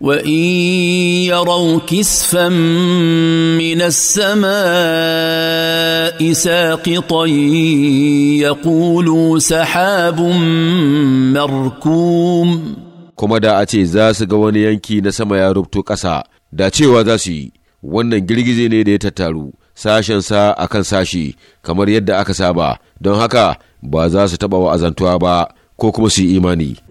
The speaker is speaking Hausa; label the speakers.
Speaker 1: وان يروا كسفا من السماء ساقطا يقولوا سحاب مركوم
Speaker 2: kuma da a ce za su ga wani yanki na sama ya rubto ƙasa da cewa za su yi wannan girgize ne da ya tattaru sashensa a kan sashi kamar yadda aka saba don haka ba za su taɓa wa'azantuwa ba ko kuma su yi imani